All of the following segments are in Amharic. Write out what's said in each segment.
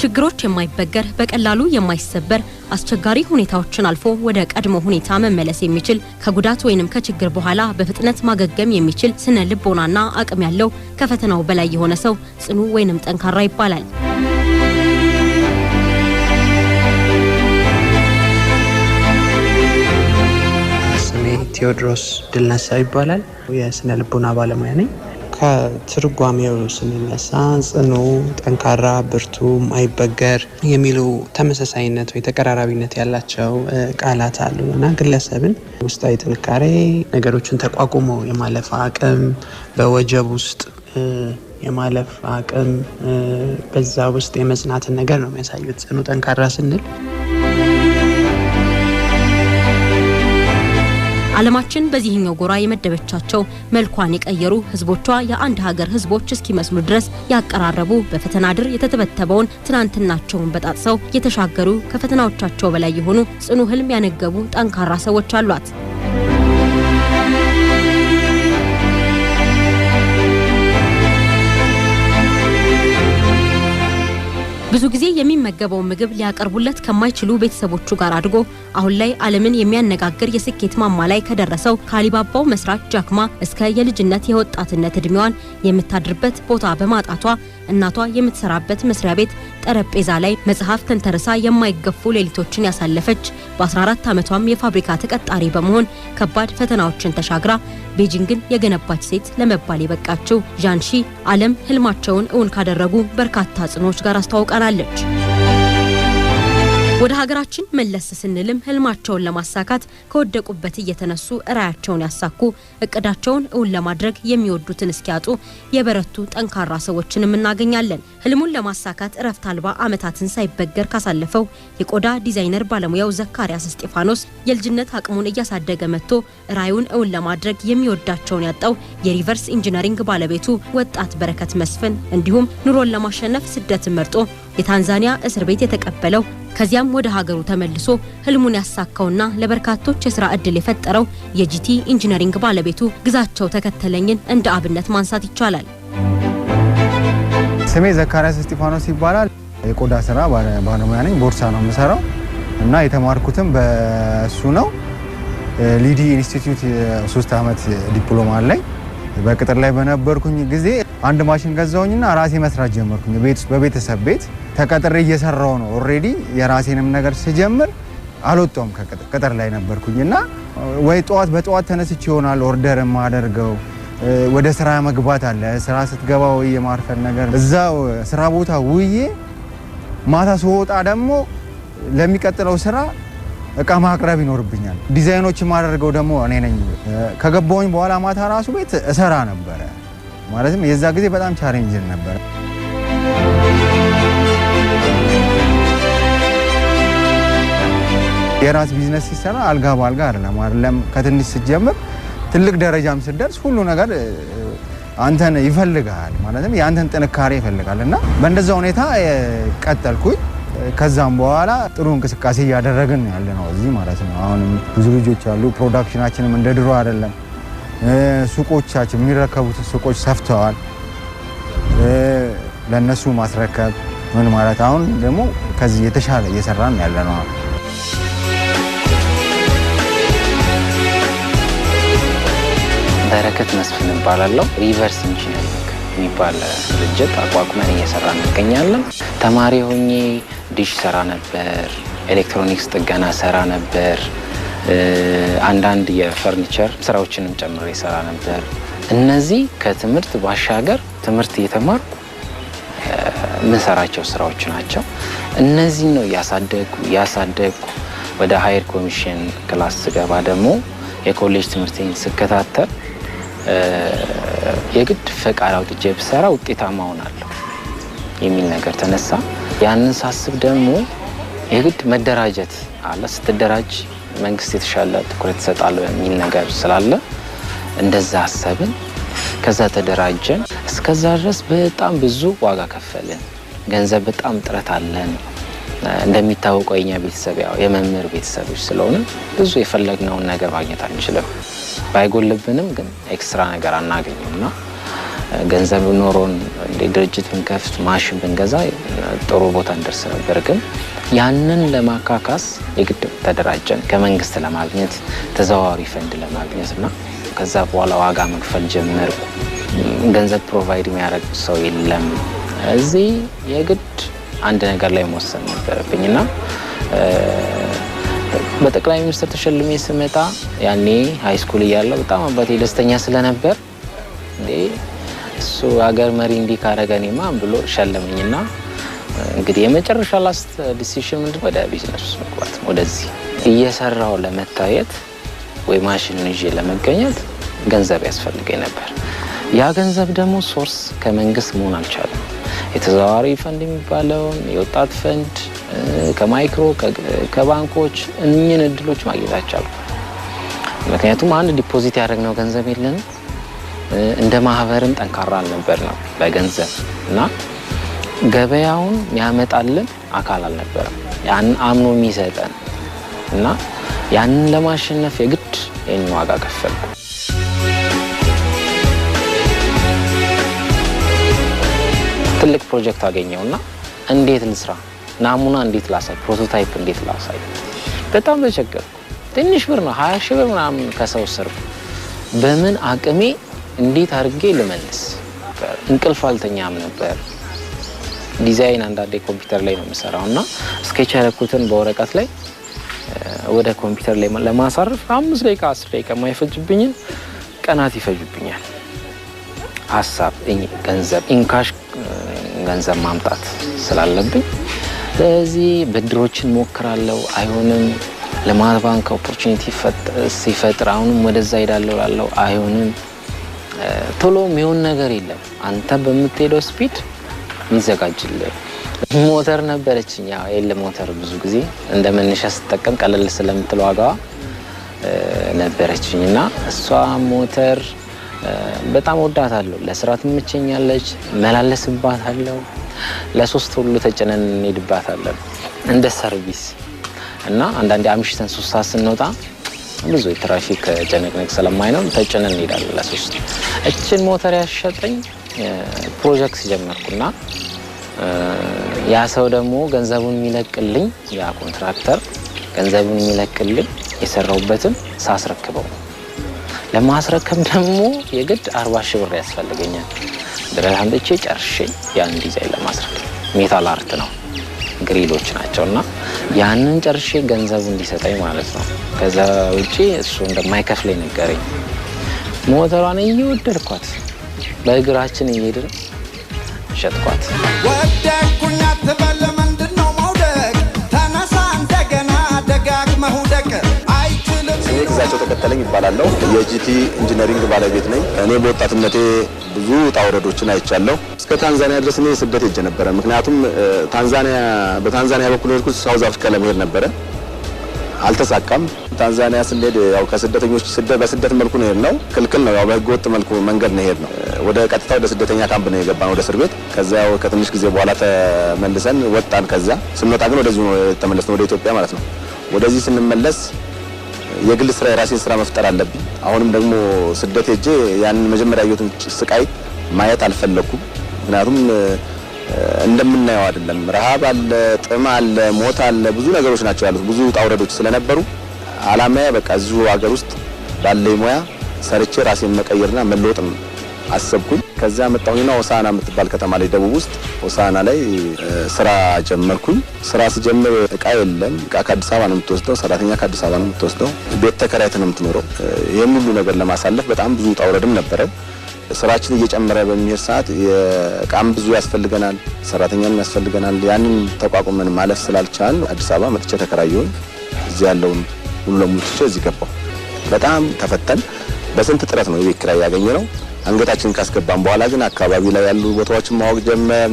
ከችግሮች የማይበገር በቀላሉ የማይሰበር አስቸጋሪ ሁኔታዎችን አልፎ ወደ ቀድሞ ሁኔታ መመለስ የሚችል ከጉዳት ወይንም ከችግር በኋላ በፍጥነት ማገገም የሚችል ስነ ልቦናና አቅም ያለው ከፈተናው በላይ የሆነ ሰው ጽኑ ወይንም ጠንካራ ይባላል። ስሜ ቴዎድሮስ ድልነሳ ይባላል። የስነ ልቦና ባለሙያ ነኝ። ከትርጓሜው ስንነሳ ጽኑ፣ ጠንካራ፣ ብርቱ፣ ማይበገር የሚሉ ተመሳሳይነት ወይ ተቀራራቢነት ያላቸው ቃላት አሉ እና ግለሰብን ውስጣዊ ጥንካሬ፣ ነገሮችን ተቋቁሞ የማለፍ አቅም፣ በወጀብ ውስጥ የማለፍ አቅም፣ በዛ ውስጥ የመጽናትን ነገር ነው የሚያሳዩት። ጽኑ ጠንካራ ስንል ዓለማችን በዚህኛው ጎራ የመደበቻቸው መልኳን የቀየሩ ህዝቦቿ የአንድ ሀገር ህዝቦች እስኪመስሉ ድረስ ያቀራረቡ በፈተና ድር የተተበተበውን ትናንትናቸውን በጣጥሰው የተሻገሩ ከፈተናዎቻቸው በላይ የሆኑ ጽኑ ህልም ያነገቡ ጠንካራ ሰዎች አሏት። ብዙ ጊዜ የሚመገበውን ምግብ ሊያቀርቡለት ከማይችሉ ቤተሰቦቹ ጋር አድጎ አሁን ላይ ዓለምን የሚያነጋግር የስኬት ማማ ላይ ከደረሰው ከአሊባባው መስራች ጃክማ እስከ የልጅነት የወጣትነት እድሜዋን የምታድርበት ቦታ በማጣቷ እናቷ የምትሰራበት መስሪያ ቤት ጠረጴዛ ላይ መጽሐፍ ተንተርሳ የማይገፉ ሌሊቶችን ያሳለፈች በ14 ዓመቷም የፋብሪካ ተቀጣሪ በመሆን ከባድ ፈተናዎችን ተሻግራ ቤጂንግን የገነባች ሴት ለመባል የበቃችው ዣንሺ ዓለም ህልማቸውን እውን ካደረጉ በርካታ ጽኖዎች ጋር አስተዋውቃል para ወደ ሀገራችን መለስ ስንልም ህልማቸውን ለማሳካት ከወደቁበት እየተነሱ ራያቸውን ያሳኩ እቅዳቸውን እውን ለማድረግ የሚወዱትን እስኪያጡ የበረቱ ጠንካራ ሰዎችንም እናገኛለን። ህልሙን ለማሳካት እረፍት አልባ ዓመታትን ሳይበገር ካሳለፈው የቆዳ ዲዛይነር ባለሙያው ዘካሪያስ እስጢፋኖስ የልጅነት አቅሙን እያሳደገ መጥቶ ራዩን እውን ለማድረግ የሚወዳቸውን ያጣው የሪቨርስ ኢንጂነሪንግ ባለቤቱ ወጣት በረከት መስፍን እንዲሁም ኑሮን ለማሸነፍ ስደትን መርጦ የታንዛኒያ እስር ቤት የተቀበለው ከዚያም ወደ ሀገሩ ተመልሶ ህልሙን ያሳካውና ለበርካቶች የስራ እድል የፈጠረው የጂቲ ኢንጂነሪንግ ባለቤቱ ግዛቸው ተከተለኝን እንደ አብነት ማንሳት ይቻላል። ስሜ ዘካርያስ እስጢፋኖስ ይባላል። የቆዳ ስራ ባለሙያ ነኝ። ቦርሳ ነው የምሰራው እና የተማርኩትም በሱ ነው። ሊዲ ኢንስቲትዩት ሶስት ዓመት ዲፕሎማ አለኝ። በቅጥር ላይ በነበርኩኝ ጊዜ አንድ ማሽን ገዛውኝና ራሴ መስራት ጀመርኩኝ በቤተሰብ ቤት ተቀጥሬ እየሰራው ነው። ኦልሬዲ የራሴንም ነገር ስጀምር አልወጣውም ከቅጥር ላይ ነበርኩኝ እና ወይ ጠዋት በጠዋት ተነስች ይሆናል ኦርደር የማደርገው ወደ ስራ መግባት አለ። ስራ ስትገባ ወይ የማርፈን ነገር እዛው ስራ ቦታ ውዬ ማታ ስወጣ ደግሞ ለሚቀጥለው ስራ እቃ ማቅረብ ይኖርብኛል። ዲዛይኖች የማደርገው ደግሞ እኔ ነኝ። ከገባውኝ በኋላ ማታ ራሱ ቤት እሰራ ነበረ። ማለትም የዛ ጊዜ በጣም ቻሌንጅን ነበረ። የራስ ቢዝነስ ሲሰራ አልጋ በአልጋ አይደለም አይደለም ከትንሽ ስትጀምር ትልቅ ደረጃም ስትደርስ ሁሉ ነገር አንተን ይፈልጋል ማለትም የአንተን ጥንካሬ ይፈልጋል እና በእንደዛ ሁኔታ ቀጠልኩኝ። ከዛም በኋላ ጥሩ እንቅስቃሴ እያደረግን ያለ ነው እዚህ ማለት ነው። አሁንም ብዙ ልጆች አሉ። ፕሮዳክሽናችንም እንደ ድሮ አይደለም። ሱቆቻችን የሚረከቡት ሱቆች ሰፍተዋል። ለእነሱ ማስረከብ ምን ማለት አሁን ደግሞ ከዚህ የተሻለ እየሰራን ያለ ነው። በረከት መስፍን እባላለሁ። ሪቨርስ ኢንጂነሪንግ የሚባል ድርጅት አቋቁመን እየሰራ እንገኛለን። ተማሪ ሆኜ ዲሽ ሰራ ነበር፣ ኤሌክትሮኒክስ ጥገና ሰራ ነበር፣ አንዳንድ የፈርኒቸር ስራዎችንም ጨምሮ ይሰራ ነበር። እነዚህ ከትምህርት ባሻገር ትምህርት እየተማርኩ ምንሰራቸው ስራዎች ናቸው። እነዚህ ነው እያሳደግኩ እያሳደግኩ ወደ ሀየር ኮሚሽን ክላስ ስገባ ደግሞ የኮሌጅ ትምህርቴን ስከታተል የግድ ፈቃድ አውጥቼ ብሰራ ውጤታማ ሆናለሁ የሚል ነገር ተነሳ። ያንን ሳስብ ደግሞ የግድ መደራጀት አለ። ስትደራጅ መንግስት የተሻለ ትኩረት ይሰጣለሁ የሚል ነገር ስላለ እንደዛ አሰብን። ከዛ ተደራጀን። እስከዛ ድረስ በጣም ብዙ ዋጋ ከፈልን። ገንዘብ በጣም ጥረት አለን። እንደሚታወቀው የኛ ቤተሰብ ያው የመምህር ቤተሰቦች ስለሆነ ብዙ የፈለግነውን ነገር ማግኘት አንችልም። ባይጎልብንም ግን ኤክስትራ ነገር አናገኝም እና ገንዘብ ኖሮን ድርጅት ብንከፍት ማሽን ብንገዛ ጥሩ ቦታ እንደርስ ነበር። ግን ያንን ለማካካስ የግድ ተደራጀን ከመንግስት ለማግኘት ተዘዋዋሪ ፈንድ ለማግኘት እና ከዛ በኋላ ዋጋ መክፈል ጀመርኩ። ገንዘብ ፕሮቫይድ የሚያደርግ ሰው የለም። እዚህ የግድ አንድ ነገር ላይ መወሰን ነበረብኝ እና በጠቅላይ ሚኒስትር ተሸልሜ ስመጣ ያኔ ሃይስኩል እያለሁ በጣም አባቴ ደስተኛ ስለነበር እሱ ሀገር መሪ እንዲህ ካረገኔማ ብሎ ሸለመኝና እንግዲህ የመጨረሻ ላስት ዲሲሽን ምንድን ወደ ቢዝነስ መግባት ወደዚህ እየሰራው ለመታየት ወይ ማሽኑን ይዤ ለመገኘት ገንዘብ ያስፈልገኝ ነበር። ያ ገንዘብ ደግሞ ሶርስ ከመንግስት መሆን አልቻለም። የተዘዋዋሪ ፈንድ የሚባለውን የወጣት ፈንድ ከማይክሮ ከባንኮች እኝን እድሎች ማግኘት አይቻሉ። ምክንያቱም አንድ ዲፖዚት ያደረግነው ገንዘብ የለን እንደ ማህበርም ጠንካራ ነው በገንዘብ እና ገበያውን ያመጣልን አካል አልነበረም ያን አምኖ የሚሰጠን እና ያንን ለማሸነፍ የግድ ይህን ዋጋ ከፈልኩ። ትልቅ ፕሮጀክት አገኘው እና እንዴት ልስራ፣ ናሙና እንዴት ላሳይ፣ ፕሮቶታይፕ እንዴት ላሳይ። በጣም ተቸገርኩ። ትንሽ ብር ነው፣ ሀያ ሺህ ብር ምናምን ከሰው ወሰድኩ። በምን አቅሜ እንዴት አድርጌ ልመልስ? እንቅልፍ አልተኛም ነበር። ዲዛይን አንዳንዴ ኮምፒውተር ላይ ነው የምሰራው እና ስኬች ያደረኩትን በወረቀት ላይ ወደ ኮምፒውተር ላይ ለማሳረፍ አምስት ደቂቃ አስር ደቂቃ የማይፈጅብኝን ቀናት ይፈጅብኛል። ሀሳብ፣ ገንዘብ ኢንካሽ ገንዘብ ማምጣት ስላለብኝ ስለዚህ ብድሮችን ሞክራለው። አይሆንም። ልማት ባንክ ኦፖርቹኒቲ ሲፈጥር አሁንም ወደዛ ሄዳለው ላለው አይሆንም። ቶሎ የሚሆን ነገር የለም። አንተ በምትሄደው ስፒድ ይዘጋጅልህ። ሞተር ነበረችኝ የለ ሞተር ብዙ ጊዜ እንደ መነሻ ስጠቀም ቀለል ስለምትል ዋጋዋ ነበረችኝ እና እሷ ሞተር በጣም ወዳታለሁ። ለስራ መላለስባት መላለስባታለሁ። ለሶስት ሁሉ ተጭነን እንሄድባታለን እንደ ሰርቪስ እና አንዳንዴ አምሽተን ሶስት ሰዓት ስንወጣ ብዙ የትራፊክ ጭንቅንቅ ስለማይኖር ተጭነን እንሄዳለን ለሶስት። እችን ሞተር ያሸጠኝ ፕሮጀክት ጀመርኩና ያ ሰው ደግሞ ገንዘቡን የሚለቅልኝ ያ ኮንትራክተር ገንዘቡን የሚለቅልኝ የሰራውበትን ሳስረክበው ለማስረከም ደግሞ የግድ አርባ ሺህ ብር ያስፈልገኛል። ድረስ አምጥቼ ጨርሼ ያን ዲዛይን ለማስረከም ሜታል አርት ነው ግሪሎች ናቸው እና ያንን ጨርሼ ገንዘብ እንዲሰጠኝ ማለት ነው። ከዛ ውጭ እሱ እንደማይከፍለኝ ነገረኝ። ሞተሯን እየወደድኳት በእግራችን እየሄድን ሸጥኳት። ስሜ ግዛቸው ተከተለኝ ይባላለሁ። የጂቲ ኢንጂነሪንግ ባለቤት ነኝ። እኔ በወጣትነቴ ብዙ ውጣ ውረዶችን አይቻለሁ። እስከ ታንዛኒያ ድረስ እኔ ስደት ሄጄ ነበረ። ምክንያቱም ታንዛኒያ በታንዛኒያ በኩል ሄድኩት ሳውዝ አፍሪካ ለመሄድ ነበረ፣ አልተሳካም። ታንዛኒያ ስንሄድ ያው ከስደተኞች በስደት መልኩ ነው የሄድነው። ክልክል ነው፣ ያው በህገ ወጥ መልኩ መንገድ ነው የሄድነው። ወደ ቀጥታ ወደ ስደተኛ ካምፕ ነው የገባን፣ ወደ እስር ቤት። ከዛ ያው ከትንሽ ጊዜ በኋላ ተመልሰን ወጣን። ከዛ ስንወጣ ግን ወደዚሁ ተመለስን፣ ወደ ኢትዮጵያ ማለት ነው። ወደዚህ ስንመለስ የግል ስራ የራሴን ስራ መፍጠር አለብኝ። አሁንም ደግሞ ስደት ሄጄ ያንን መጀመሪያ ያየሁትን ስቃይ ማየት አልፈለግኩም። ምክንያቱም እንደምናየው አይደለም። ረሃብ አለ፣ ጥም አለ፣ ሞት አለ፣ ብዙ ነገሮች ናቸው ያሉት። ብዙ ጣውረዶች ስለነበሩ አላማዬ በቃ እዚሁ ሀገር ውስጥ ባለኝ ሙያ ሰርቼ ራሴን መቀየርና መለወጥ ነው። አሰብኩኝ። ከዚያ መጣሁኝና ሆሳና የምትባል ከተማ ላይ ደቡብ ውስጥ ሆሳና ላይ ስራ ጀመርኩኝ። ስራ ስጀምር እቃ የለም። እቃ ከአዲስ አበባ ነው የምትወስደው፣ ሰራተኛ ከአዲስ አበባ ነው የምትወስደው፣ ቤት ተከራይት ነው የምትኖረው። ይህም ሁሉ ነገር ለማሳለፍ በጣም ብዙ ውጣ ውረድም ነበረ። ስራችን እየጨመረ በሚሄድ ሰዓት እቃም ብዙ ያስፈልገናል፣ ሰራተኛም ያስፈልገናል። ያንን ተቋቁመን ማለፍ ስላልቻል አዲስ አበባ መጥቼ ተከራየሁኝ። እዚህ ያለውን ሙሉ ለሙሉ ትቼ እዚህ ገባሁ። በጣም ተፈተን። በስንት ጥረት ነው የቤት ኪራይ ያገኘ ነው። አንገታችን ካስገባን በኋላ ግን አካባቢ ላይ ያሉ ቦታዎችን ማወቅ ጀመር።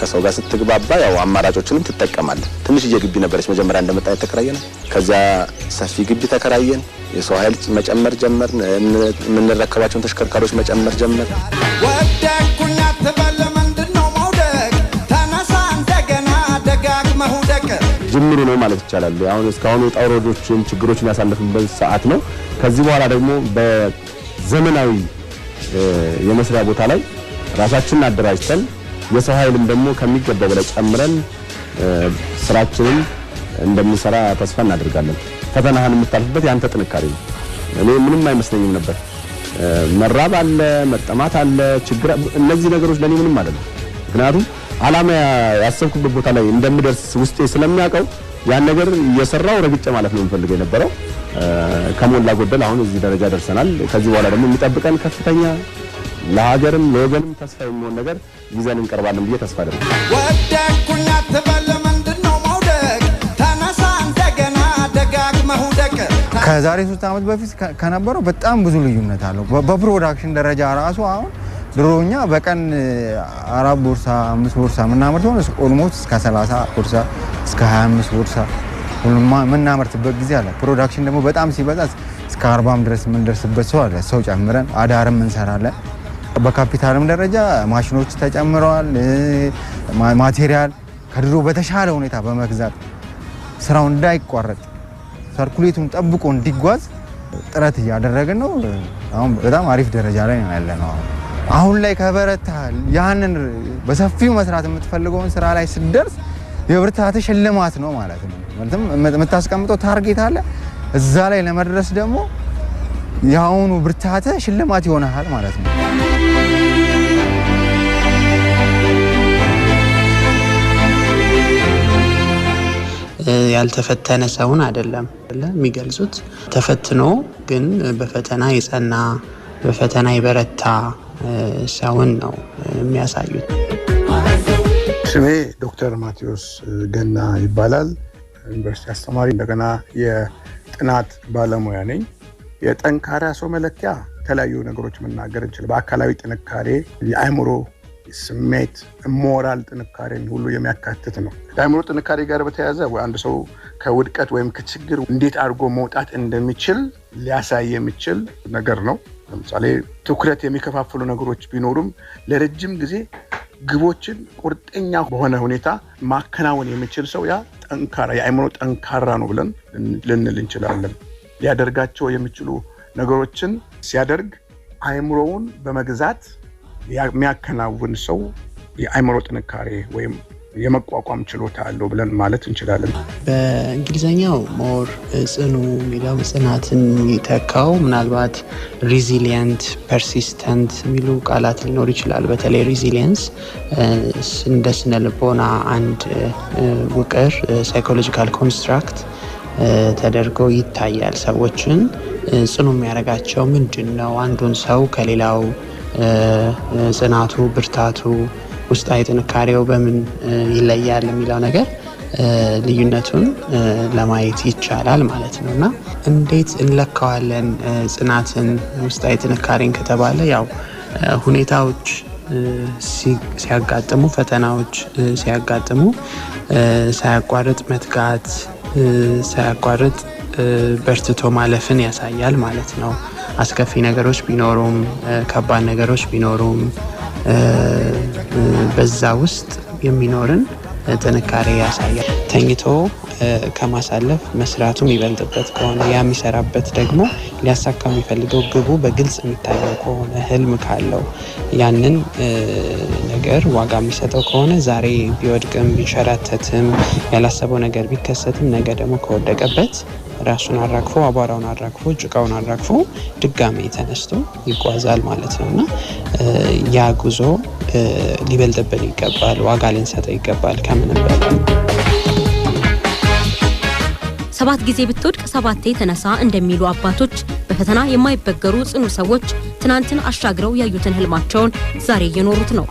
ከሰው ጋር ስትግባባ ያው አማራጮችንም ትጠቀማለን። ትንሽዬ ግቢ ነበረች መጀመሪያ እንደመጣ የተከራየነ። ከዛ ሰፊ ግቢ ተከራየን። የሰው ኃይል መጨመር ጀመር። የምንረከባቸውን ተሽከርካሪዎች መጨመር ጀመር። ወደኩኝ ነው ጅምሩ ነው ማለት ይቻላል። አሁን እስካሁን ውጣ ውረዶችን ችግሮችን ያሳለፍንበት ሰዓት ነው። ከዚህ በኋላ ደግሞ በዘመናዊ የመስሪያ ቦታ ላይ ራሳችንን አደራጅተን የሰው ኃይልም ደግሞ ከሚገባው በላይ ጨምረን ስራችንን እንደምንሰራ ተስፋ እናደርጋለን። ፈተናህን የምታልፍበት ያንተ ጥንካሬ ነው። እኔ ምንም አይመስለኝም ነበር። መራብ አለ፣ መጠማት አለ፣ ችግር እነዚህ ነገሮች ለኔ ምንም አይደለም። ምክንያቱም አላማ ያሰብኩበት ቦታ ላይ እንደምደርስ ውስጤ ስለሚያውቀው ያን ነገር እየሰራው ረግጬ ማለት ነው የምፈልገው የነበረው። ከሞላ ጎደል አሁን እዚህ ደረጃ ደርሰናል። ከዚህ በኋላ ደግሞ የሚጠብቀን ከፍተኛ ለሀገርም ለወገንም ተስፋ የሚሆን ነገር ይዘን እንቀርባለን ብዬ ተስፋ አደርጋለሁ። ከዛሬ ሶስት ዓመት በፊት ከነበረው በጣም ብዙ ልዩነት አለው። በፕሮዳክሽን ደረጃ ራሱ አሁን ድሮኛ በቀን አራት ቦርሳ አምስት ቦርሳ ምናምር ኦልሞስት እስከ 30 ቦርሳ እስከ 25 ቦርሳ የምናመርትበት ጊዜ አለ። ፕሮዳክሽን ደግሞ በጣም ሲበዛ እስከ አርባም ድረስ የምንደርስበት ሰው አለ። ሰው ጨምረን አዳርም እንሰራለን። በካፒታልም ደረጃ ማሽኖች ተጨምረዋል። ማቴሪያል ከድሮ በተሻለ ሁኔታ በመግዛት ስራው እንዳይቋረጥ ሰርኩሌቱን ጠብቆ እንዲጓዝ ጥረት እያደረግን ነው። አሁን በጣም አሪፍ ደረጃ ላይ ነው ያለ ነው። አሁን ላይ ከበረታ ያንን በሰፊው መስራት የምትፈልገውን ስራ ላይ ስትደርስ የብርታትሽ ሽልማት ነው ማለት ነው። ማለትም የምታስቀምጠው ታርጌት አለ። እዛ ላይ ለመድረስ ደግሞ የአሁኑ ብርታተ ሽልማት ይሆናል ማለት ነው። ያልተፈተነ ሰውን አይደለም የሚገልጹት። ተፈትኖ ግን በፈተና የጸና በፈተና የበረታ ሰውን ነው የሚያሳዩት። ስሜ ዶክተር ማቴዎስ ገና ይባላል። ዩኒቨርሲቲ አስተማሪ፣ እንደገና የጥናት ባለሙያ ነኝ። የጠንካራ ሰው መለኪያ የተለያዩ ነገሮች መናገር እንችል፣ በአካላዊ ጥንካሬ፣ የአእምሮ ስሜት፣ ሞራል ጥንካሬ ሁሉ የሚያካትት ነው። ከአእምሮ ጥንካሬ ጋር በተያያዘ አንድ ሰው ከውድቀት ወይም ከችግር እንዴት አድርጎ መውጣት እንደሚችል ሊያሳይ የሚችል ነገር ነው። ለምሳሌ ትኩረት የሚከፋፍሉ ነገሮች ቢኖሩም ለረጅም ጊዜ ግቦችን ቁርጠኛ በሆነ ሁኔታ ማከናወን የሚችል ሰው ያ ጠንካራ የአእምሮ ጠንካራ ነው ብለን ልንል እንችላለን። ሊያደርጋቸው የሚችሉ ነገሮችን ሲያደርግ አእምሮውን በመግዛት የሚያከናውን ሰው የአእምሮ ጥንካሬ ወይም የመቋቋም ችሎታ አለው ብለን ማለት እንችላለን። በእንግሊዝኛው ሞር ጽኑ የሚለው ጽናትን የሚተካው ምናልባት ሪዚሊየንት፣ ፐርሲስተንት የሚሉ ቃላት ሊኖር ይችላል። በተለይ ሪዚሊየንስ እንደ ስነ ልቦና አንድ ውቅር ሳይኮሎጂካል ኮንስትራክት ተደርጎ ይታያል። ሰዎችን ጽኑ የሚያደርጋቸው ምንድን ነው? አንዱን ሰው ከሌላው ጽናቱ፣ ብርታቱ ውስጣዊ ጥንካሬው በምን ይለያል የሚለው ነገር ልዩነቱን ለማየት ይቻላል ማለት ነው። እና እንዴት እንለካዋለን ጽናትን፣ ውስጣዊ ጥንካሬን ከተባለ ያው ሁኔታዎች ሲያጋጥሙ፣ ፈተናዎች ሲያጋጥሙ ሳያቋርጥ መትጋት፣ ሳያቋርጥ በርትቶ ማለፍን ያሳያል ማለት ነው። አስከፊ ነገሮች ቢኖሩም፣ ከባድ ነገሮች ቢኖሩም በዛ ውስጥ የሚኖርን ጥንካሬ ያሳያል። ተኝቶ ከማሳለፍ መስራቱ የሚበልጥበት ከሆነ ያ የሚሰራበት ደግሞ ሊያሳካ የሚፈልገው ግቡ በግልጽ የሚታየው ከሆነ ህልም ካለው ያንን ነገር ዋጋ የሚሰጠው ከሆነ ዛሬ ቢወድቅም ቢንሸራተትም ያላሰበው ነገር ቢከሰትም ነገ ደግሞ ከወደቀበት ራሱን አራግፎ አቧራውን አራግፎ ጭቃውን አራግፎ ድጋሜ ተነስቶ ይጓዛል ማለት ነው እና ያ ጉዞ ሊበልጥብን ይገባል፣ ዋጋ ልንሰጠው ይገባል። ከምንም በላይ ሰባት ጊዜ ብትወድቅ ሰባቴ ተነሳ እንደሚሉ አባቶች በፈተና የማይበገሩ ጽኑ ሰዎች ትናንትን አሻግረው ያዩትን ህልማቸውን ዛሬ እየኖሩት ነው።